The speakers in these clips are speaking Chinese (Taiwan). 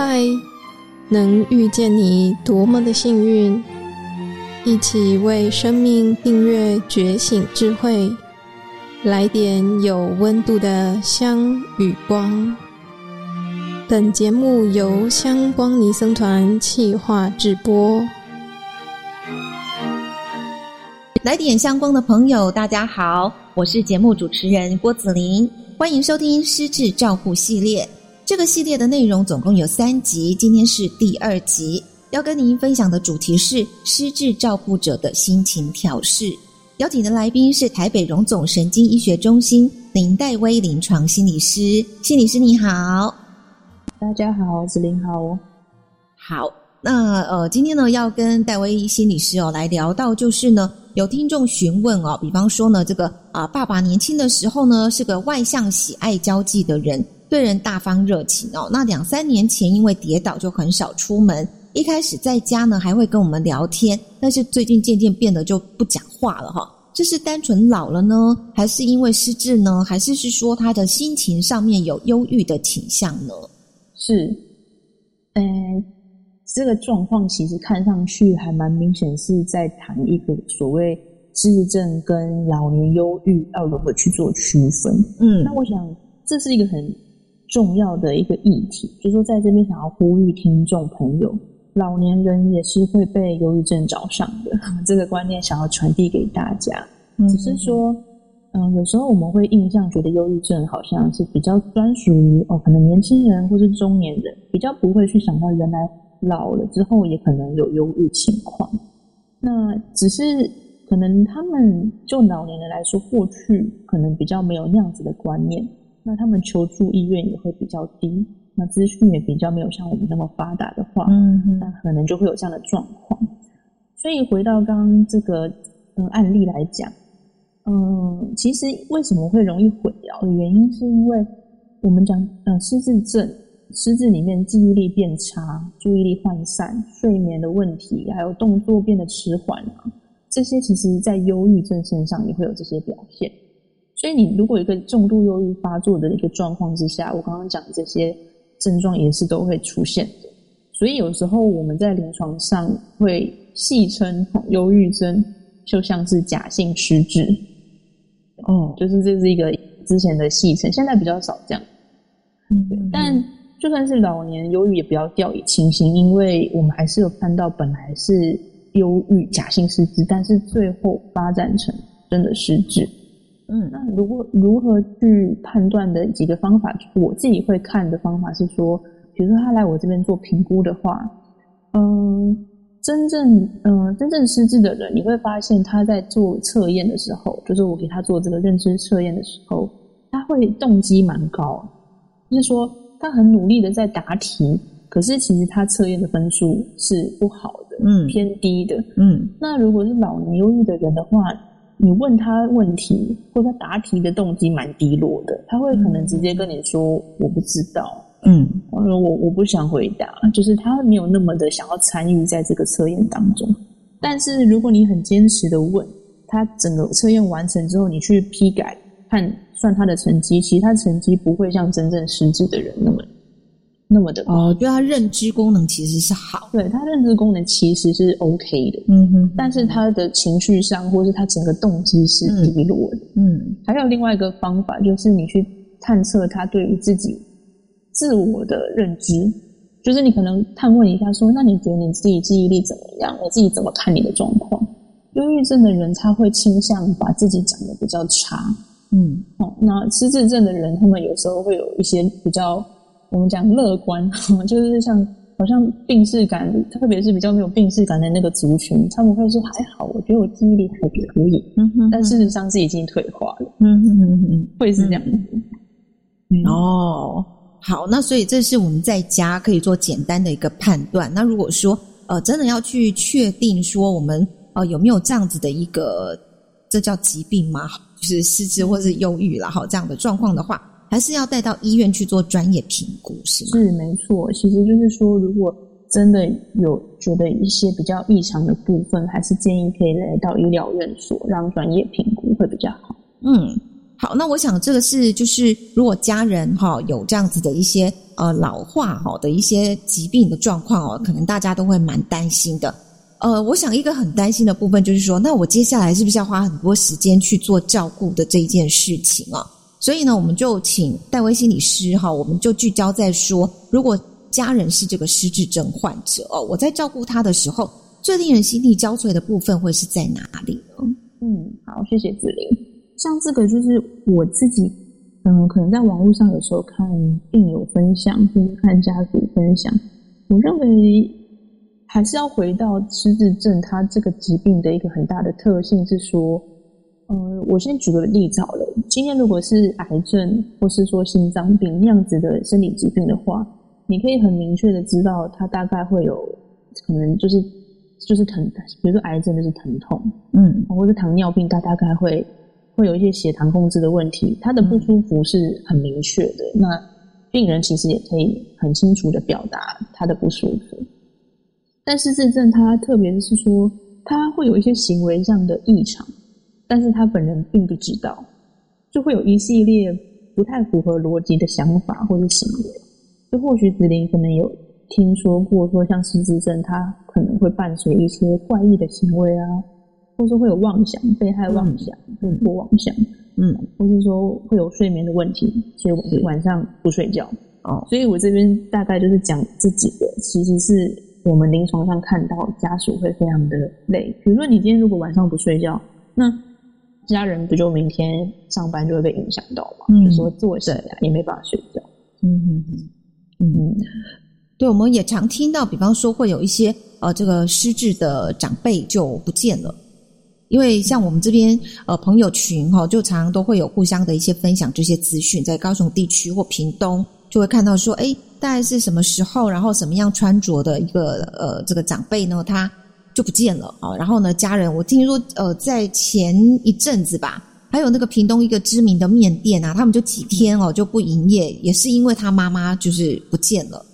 嗨，Hi, 能遇見你多麼的幸運！一起為生命訂閱覺,覺醒智慧，來點有溫度的香與光。本節目由香光尼僧團企劃制播。來點香光的朋友，大家好，我是節目主持人郭子琳，歡迎收聽失智照護系列。這個系列的內容總共有三集，今天是第二集，要跟您分享的主題是失智照顧者的心情調適。邀請的來賓是台北榮總神經醫學中心林岱葳臨床心理師，心理師，你好。大家好，子琳好。好，那呃，今天呢要跟岱葳心理師哦來聊到，就是呢，有聽眾詢問哦，比方說呢，這個啊、呃、爸爸年輕的時候呢是個外向喜愛交際的人，對人大方熱情哦，那兩三年前因為跌倒就很少出門。一開始在家呢還會跟我們聊天，但是最近漸漸變得就不講話了哈、哦。這是單純老了呢？還是因為失智呢？還是是說他的心情上面有憂鬱的傾向呢？是，嗯、呃，這個狀況其實看上去還蠻明顯，是在談一個所謂失智症跟老年憂鬱要如何去做區分。嗯，那我想這是一個很。重要的一個議題，就是說在這邊想要呼籲聽眾朋友，老年人也是會被憂鬱症找上的這個觀念，想要傳遞給大家。只是說，嗯，有時候我們會印象覺得憂鬱症好像是比較專屬於哦，可能年輕人或是中年人，比較不會去想到原來老了之後也可能有憂鬱情況。那只是可能他們就老年人來說，過去可能比較沒有那樣子的觀念。那他們求助意願也會比較低，那資訊也比較沒有像我們那麼發達的話，那可能就會有這樣的狀況。所以回到剛剛這個、呃、案例來講，嗯，其實為什麼會容易毀掉的原因，是因為我們講呃失智症失智裡面記憶力變差、注意力渙散、睡眠的問題，還有動作變得遲緩啊，這些其實在憂鬱症身上也會有這些表現。所以，你如果有一個重度憂鬱發作的一個狀況之下，我剛剛講的這些症狀也是都會出現的。所以，有時候我們在臨床上會戲稱憂鬱症就像是假性失智。哦，就是這是一個之前的戲稱，現在比較少這樣。嗯，對。但就算是老年憂鬱，也不要掉以輕心，因為我們還是有看到本來是憂鬱假性失智，但是最後發展成真的失智。嗯，那如果如何去判斷的幾個方法，就是、我自己會看的方法是說，比如說他來我這邊做評估的話，嗯，真正嗯真正失智的人，你會發現他在做測驗的時候，就是我給他做這個認知測驗的時候，他會動機蠻高，就是說他很努力的在答題，可是其實他測驗的分數是不好的，嗯，偏低的，嗯，那如果是老年憂鬱的人的話。你問他問題或他答題的動機蠻低落的，他會可能直接跟你說、嗯、我不知道，嗯，我我不想回答，就是他沒有那麼的想要參與在這個測驗當中。但是如果你很堅持的問他，整個測驗完成之後，你去批改、看算他的成績，其實他成績不會像真正失智的人那麼。那麼的功能哦，對，他認知功能其實是好，對他認知功能其實是 OK 的，嗯哼。但是他的情緒上，或是他整個動機是低落的，嗯。嗯還有另外一個方法，就是你去探測他對於自己自我的認知，就是你可能探問一下，說，那你覺得你自己記憶力怎麼樣？我自己怎麼看你的狀況？憂鬱症的人他會傾向把自己講得比較差，嗯。哦，那失智症的人，他們有時候會有一些比較。我們講樂觀，就是像好像病識感，特別是比較沒有病識感的那個族群，他們會說還好，我覺得我記憶力還可以，但事實上是已經退化了，嗯、哼哼會是這樣子。嗯、哦，好，那所以這是我們在家可以做簡單的一個判斷。那如果說呃真的要去確定說我們呃有沒有這樣子的一個，這叫疾病嗎？就是失智或是憂鬱了哈這樣的狀況的話還是要帶到醫院去做專業評估，是嗎？是沒錯。其實就是說，如果真的有覺得一些比較異常的部分，還是建議可以來到醫療院所讓專業評估會比較好。嗯，好，那我想這個是就是如果家人哈、哦、有這樣子的一些呃老化好、哦、的一些疾病的狀況哦，可能大家都會蠻擔心的。呃，我想一個很擔心的部分就是說，那我接下來是不是要花很多時間去做照顧的這件事情啊、哦？所以呢，我們就請岱葳心理師哈，我們就聚焦在說，如果家人是這個失智症患者哦，我在照顧他的時候，最令人心力交瘁的部分會是在哪裡呢？嗯，好，謝謝子琳。像這個就是我自己，嗯，可能在網絡上有時候看病友分享，或者看家屬分享，我認為還是要回到失智症，它這個疾病的一個很大的特性是說，嗯，我先舉個例子好了。今天如果是癌症或是說心臟病那樣子的生理疾病的話，你可以很明確的知道，他大概會有可能就是就是疼，比如說癌症就是疼痛，嗯，或是糖尿病，他大概會會有一些血糖控制的問題，他的不舒服是很明確的。嗯、那病人其實也可以很清楚的表達他的不舒服，但是失智症他特別是說，他會有一些行為上的異常，但是他本人並不知道。就會有一系列不太符合邏輯的想法或是行為。就或許子琳可能有聽說過，說像失智症，它可能會伴隨一些怪異的行為啊，或是會有妄想、被害妄想、嗯，多妄想，嗯，嗯，或是說會有睡眠的問題，所以晚上不睡覺。是哦，所以我這邊大概就是講這幾個，其實是我們臨床上看到家屬會非常的累。比如說你今天如果晚上不睡覺，那。家人不就明天上班就會被影響到嗎？嗯、就說做呀也沒辦法睡覺。嗯嗯嗯嗯，對，我們也常聽到，比方說會有一些呃這個失智的長輩就不見了，因為像我們這邊呃朋友群哈、哦，就常常都會有互相的一些分享這些資訊，在高雄地區或屏東就會看到說，誒、欸、大概是什麼時候，然後什麼樣穿着的一個呃這個長輩呢，他，就不見了啊，然後呢，家人我聽說，呃，在前一陣子吧，還有那個屏東一個知名的麵店啊，他們就幾天哦、呃、就不營業，也是因為他媽媽就是不見了，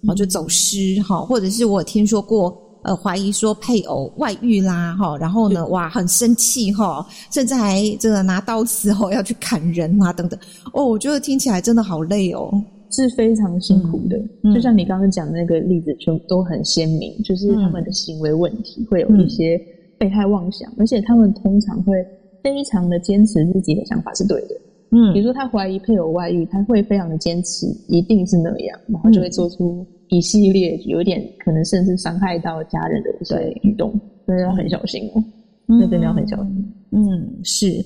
然後就走失哈，嗯、或者是我聽說過，呃，懷疑說配偶外遇啦哈，然後呢，對哇，很生氣哈、哦，甚至還這個拿刀子哦要去砍人啊等等，哦，我覺得聽起來真的好累哦。是非常辛苦的，嗯嗯、就像你剛剛講的那個例子，全都很鮮明，就是他們的行為問題會有一些被害妄想，嗯嗯、而且他們通常會非常的堅持自己的想法是對的。嗯，比如說他懷疑配偶外遇，他會非常的堅持一定是那樣，然後就會做出一系列有點，有點可能甚至傷害到家人的一些舉動，所以要很小心哦、喔，真的、嗯、哼要很小心。嗯，是。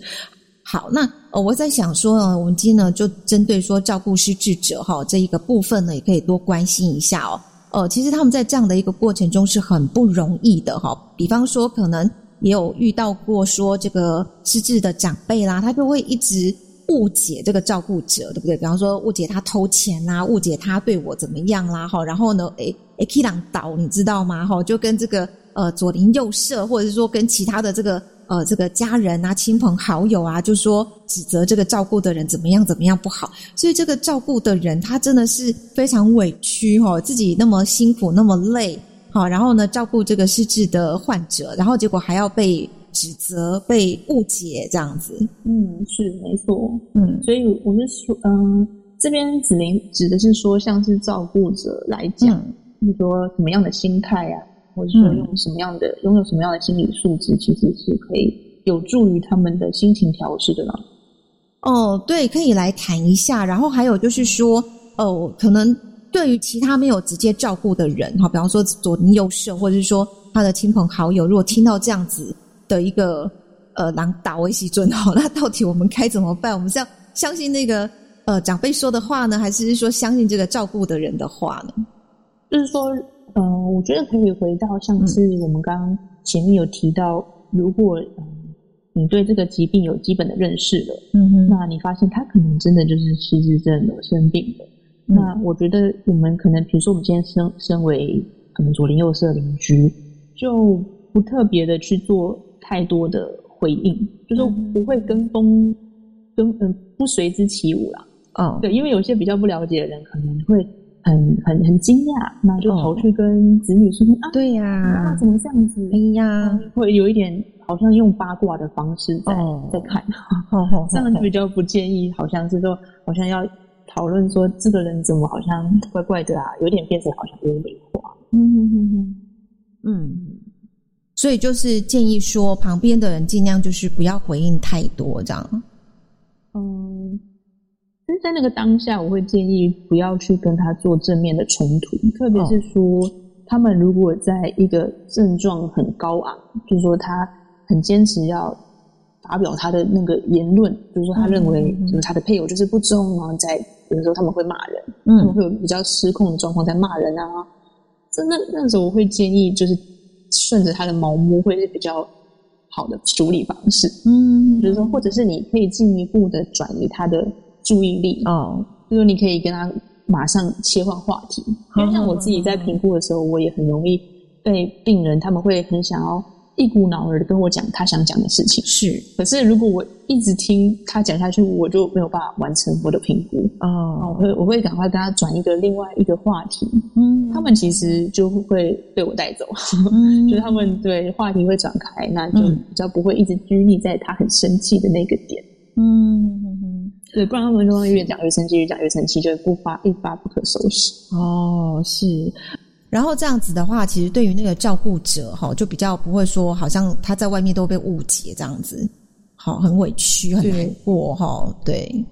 好，那呃，我在想說呢，我們今天呢，就針對說照顧失智者哈、哦、這一個部分呢，也可以多關心一下哦。呃其實他們在這樣的一個過程中是很不容易的哈、哦。比方說，可能也有遇到過說這個失智的長輩啦，他就會一直誤解這個照顧者，對不對？比方說，誤解他偷錢啦、啊，誤解他對我怎麼樣啦，哈。然後呢，誒誒 k l a n 倒你知道嗎？哈、哦，就跟這個呃左鄰右舍，或者是說跟其他的這個。呃，這個家人啊、親朋好友啊，就說指責這個照顧的人怎麼樣怎麼樣不好，所以這個照顧的人他真的是非常委屈哈、哦，自己那麼辛苦、那麼累，好、哦，然後呢照顧這個失智的患者，然後結果還要被指責、被誤解這樣子。嗯，是沒錯，嗯，所以我們說，嗯、呃，這邊子琳指的是說，像是照顧者來講，是、嗯、說什麼樣的心態啊？或者用什麼樣的擁、嗯、有什麼樣的心理素質，其實是可以有助於他們的心情調適的呢？哦，對，可以來談一下。然後還有就是說，哦，可能對於其他沒有直接照顧的人，哈，比方說左鄰右舍，或者是說他的親朋好友，如果聽到這樣子的一個呃狼打我一記准，哈，那到底我們該怎麼辦？我們是要相信那個呃長輩說的話呢，還是，是說相信這個照顧的人的話呢？就是說。嗯，我覺得可以回到像是我們剛剛前面有提到，嗯、如果、嗯、你對這個疾病有基本的認識了，嗯哼，那你發現他可能真的就是失智症的生病的，嗯、那我覺得我們可能，比如說我們今天身身為可能左鄰右舍鄰居，就不特別的去做太多的回應，就是不會跟風嗯跟嗯、呃、不隨之起舞了，嗯、哦，對，因為有些比較不了解的人可能會。很很很驚訝，那就跑去跟子女說、哦、啊，對呀、啊啊，那怎麼這樣子？哎呀，會有一點好像用八卦的方式在、嗯、在看，嗯、這樣就比較不建議，好像是說，好像要討論說這個人怎麼好像怪怪的啊，有點變成好像有點過。嗯嗯嗯，所以就是建議說，旁邊的人盡量就是不要回應太多這樣。嗯。其實在那個當下，我會建議不要去跟他做正面的衝突，特別是說他們如果在一個症狀很高昂，就是說他很堅持要發表他的那個言論，就是說他認為就是他的配偶就是不忠然後、啊嗯、在有的時候他們會罵人，他們會有比較失控的狀況在罵人啊。真的那，那時候我會建議就是順着他的毛摸，會是比較好的處理方式，嗯，就是說或者是你可以進一步的轉移他的。注意力哦，嗯、就是你可以跟他馬上切換話題，好因為像我自己在評估的時候，嗯、我也很容易被病人，嗯、他們會很想要一股腦兒的跟我講他想講的事情。是，可是如果我一直聽他講下去，我就沒有辦法完成我的評估，嗯、我會我會趕快跟他轉一個另外一個話題，嗯，他們其實就會被我帶走，嗯、 就是他們對話題會轉開，那就比較不會一直拘泥在他很生氣的那個點，嗯。對，不然他們就會越講越生氣，越講越生氣，就是不發，一發不可收拾。哦，是。然後這樣子的話，其實對於那個照顧者哈、哦，就比較不會說，好像他在外面都被誤解這樣子，好，很委屈，很難過哈對、哦。對，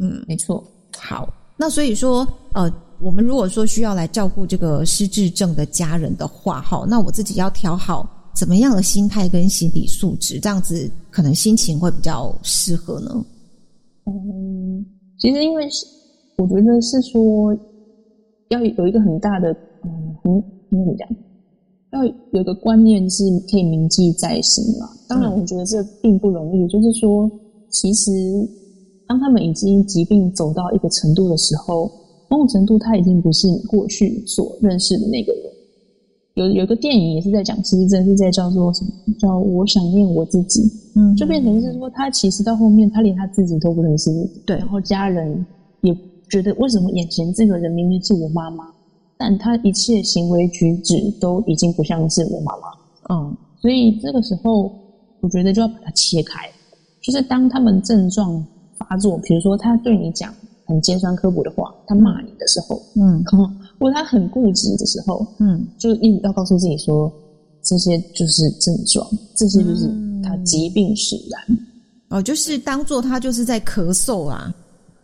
嗯，沒錯。好，那所以說，呃，我們如果說需要來照顧這個失智症的家人的話，哈、哦，那我自己要調好怎麼樣的心態跟心理素質，這樣子可能心情會比較適合呢？嗯，其實因為是，我覺得是說，要有一個很大的，嗯，嗯，要有一個觀念是可以銘記在心嘛。當然，我覺得這並不容易，嗯、就是說，其實當他們已經疾病走到一個程度的時候，某種程度他已經不是你過去所認識的那個人。有有個電影也是在講失智症，其實真是在叫做什麼？叫我想念我自己，嗯，就變成是說，他其實到後面，他連他自己都不認識，對，然後家人也覺得，為什麼眼前這個人明明是我媽媽，但他一切行為舉止都已經不像是我媽媽，嗯，所以這個時候，我覺得就要把它切開，就是當他們症狀發作，比如說他對你講很尖酸刻薄的話，他罵你的時候，嗯，如果他很固執的時候，嗯，就一直要告訴自己說，這些就是症狀，這些就是他疾病使然，嗯、哦，就是當做他就是在咳嗽啊，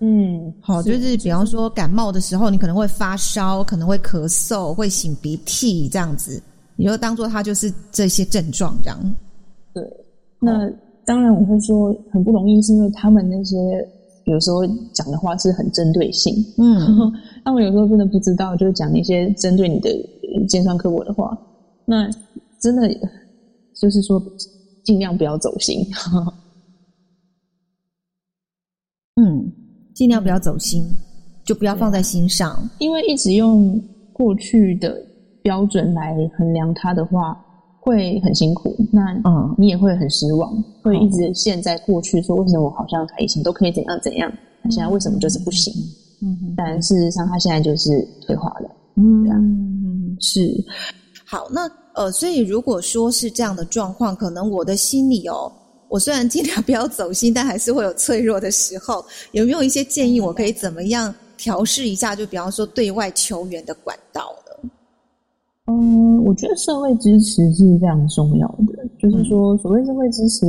嗯，好，是就是比方說感冒的時候，你可能會發燒，可能會咳嗽，會擤鼻涕這樣子，你就當做他就是這些症狀這樣。對，那好當然我會說很不容易，是因爲他們那些。有時候講的話是很針對性，嗯呵呵，但我有時候真的不知道，就是講一些針對你的尖酸刻薄的話，那真的就是說盡量不要走心，呵呵嗯，盡量不要走心，就不要放在心上，因為一直用過去的標準來衡量他的話。會很辛苦，那嗯，你也會很失望，嗯、會一直陷在過去說，為什麼我好像以前都可以怎樣怎樣，那、嗯、現在為什麼就是不行？嗯，但事實上他現在就是退化了，嗯，是嗯，是。好，那呃，所以如果說是這樣的狀況，可能我的心裡哦，我雖然盡量不要走心，但還是會有脆弱的時候。有沒有一些建議，我可以怎麼樣調適一下？就比方說對外求援的管道。嗯，我覺得社會支持是非常重要的。就是說，所謂社會支持，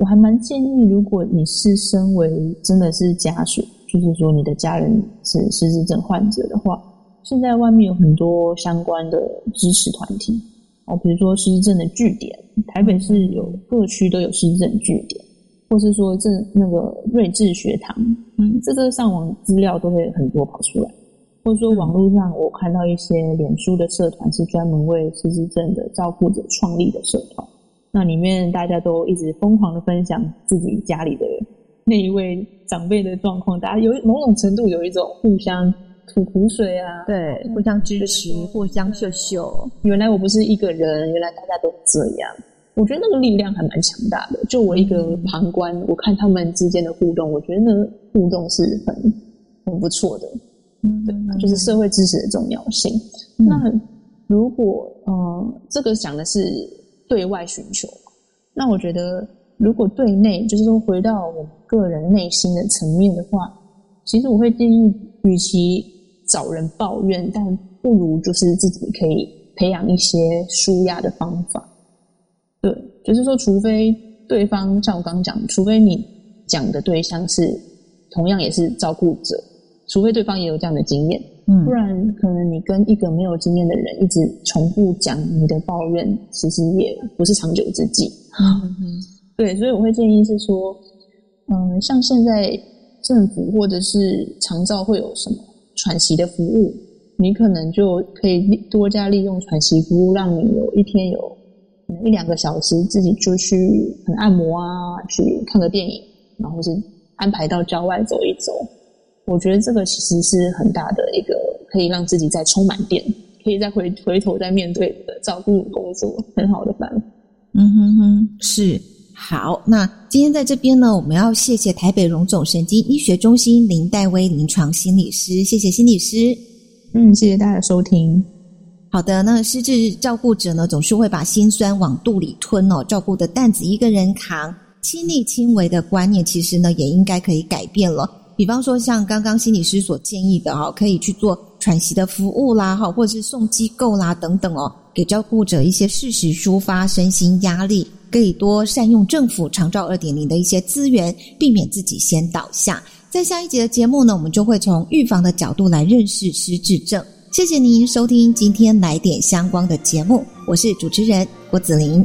我還蠻建議，如果你是身為真的是家屬，就是說你的家人是失智症患者的話，現在外面有很多相關的支持團體哦，比如說失智症的據點，台北市有各區都有失智症據點，或是說這那個瑞智學堂，嗯，這個上網資料都會很多跑出來。或者說，網絡上我看到一些臉書的社團是專門為失智症的照顧者創立的社團。那裡面大家都一直瘋狂的分享自己家裡的那一位長輩的狀況，大家有某種程度有一種互相吐苦水啊，對，互相支持，對互相秀秀。原來我不是一個人，原來大家都這樣。我覺得那個力量還蠻強大的。就我一個旁觀，嗯、我看他們之間的互動，我覺得那互動是很很不錯的。嗯，對，就是社會支持的重要性。那如果呃，這個講的是對外尋求，那我覺得如果對內，就是說回到我個人內心的層面的話，其實我會建議，與其找人抱怨，但不如就是自己可以培養一些舒壓的方法。對，就是說，除非對方像我剛講，除非你講的對象是同樣也是照顧者。除非對方也有這樣的經驗，嗯，不然可能你跟一個沒有經驗的人一直重複講你的抱怨，其實也不是長久之計。嗯嗯，對，所以我會建議是說，嗯，像現在政府或者是長照會有什麼喘息的服務，你可能就可以多加利用喘息服務，讓你有一天有一兩個小時自己就去很按摩啊，去看個電影，然後是安排到郊外走一走。我覺得這個其實是很大的一個可以讓自己再充滿電，可以再回回頭再面對的照顧工作很好的辦法。嗯哼哼，是好。那今天在這邊呢，我們要謝謝台北榮總神經醫學中心林岱葳臨床心理師，謝謝心理師。嗯，謝謝大家的收聽。好的，那失智照顧者呢，總是會把心酸往肚裡吞哦，照顧的擔子一個人扛，親力親為的觀念，其實呢，也應該可以改變了。比方說，像剛剛心理師所建議的哈，可以去做喘息的服務啦，哈，或者是送機構啦等等哦，給照顧者一些適時抒发身心壓力，可以多善用政府長照二點零的一些資源，避免自己先倒下。在下一集的節目呢，我們就會從預防的角度來認識失智症。謝謝您收聽今天來點香光的節目，我是主持人郭子琳。